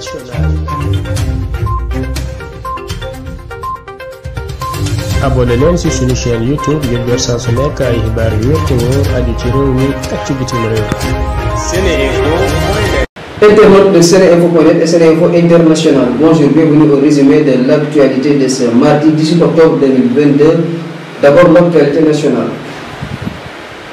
internationale. abonné ci suñu chaîne youtube ngir jot saa su nekk ay xibaar yu wér te wóor ci réew mi ak ci bitim réew. Internautes de Sénéinfo.net et Sénéinfo International, bonjour, bienvenue au résumé de l'actualité de ce mardi 18 octobre 2022. D'abord l'actualité nationale.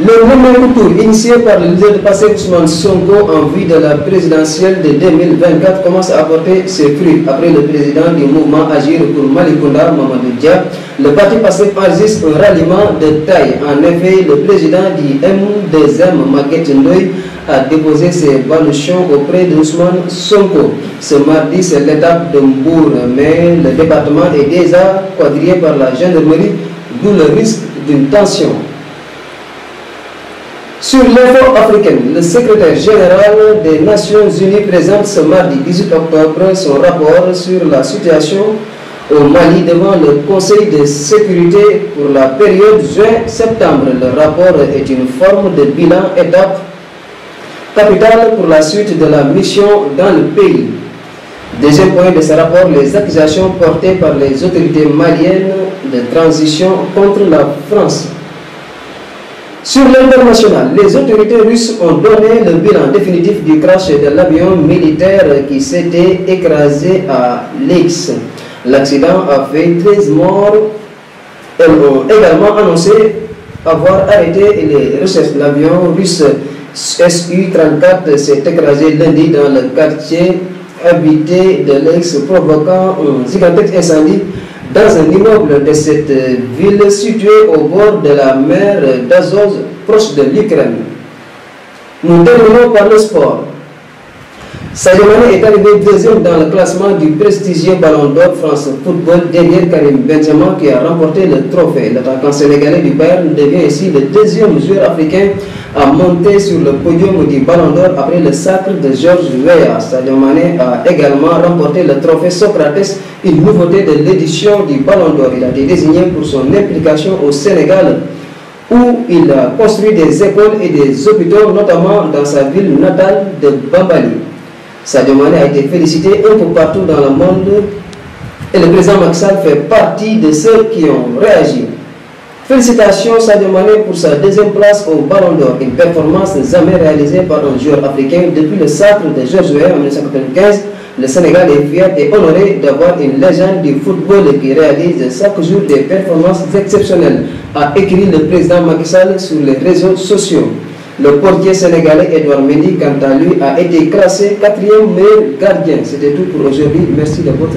Le nouveau tour initié par le leader de passé Ousmane Sonko en vue de la présidentielle de 2024 commence à porter ses fruits. Après le président du mouvement Agir pour Malikunda, Mamadou Dia, le parti passé enregistre un ralliement de taille. En effet, le président du M2M, Maguette a déposé ses baluchons auprès d'Ousmane Sonko. Ce mardi, c'est l'étape de Mbour, mais le département est déjà quadrillé par la gendarmerie, d'où le risque d'une tension. Sur l'info africaine, le secrétaire général des Nations Unies présente ce mardi 18 octobre son rapport sur la situation au Mali devant le Conseil de sécurité pour la période juin-septembre. Le rapport est une forme la suite de la mission dans le pays. Deuxième point les accusations les autorités maliennes de Sur l'international, les autorités russes ont donné le bilan définitif du crash de l'avion militaire qui s'était écrasé à Lex. L'accident a fait 13 morts. Elles ont également annoncé avoir arrêté les recherches. L'avion russe su s'est écrasé lundi dans le quartier habité de Lex, provoquant un gigantesque dans un immeuble de cette euh, ville située au bord de la mer d'Azov, proche de l'Ukraine. Nous terminons par le Sadio Mané est arrivé deuxième dans le classement du prestigieux Ballon d'Or France Football derrière Karim Benzema qui a remporté le trophée. L'attaquant sénégalais du Bayern devient ici le deuxième joueur africain à monter sur le podium du Ballon d'Or après le sacre de Georges Weah. Sadio Mané a également remporté le trophée Socrates, une nouveauté de l'édition du Ballon d'Or. Il a désigné pour son implication au Sénégal où il a construit des écoles et des hôpitaux, Sadio Mané a été félicité un peu partout dans le monde de ceux qui ont réagi. pour sa deuxième place au Ballon d'Or, une performance jamais réalisée par un joueur africain depuis le sacre de George Weah jour des performances exceptionnelles, a écrit le président Macky Sall sur les réseaux sociaux. Le portier sénégalais Edouard Mendy, quant à lui, a été classé quatrième meilleur gardien. C'était tout pour aujourd'hui. Merci de votre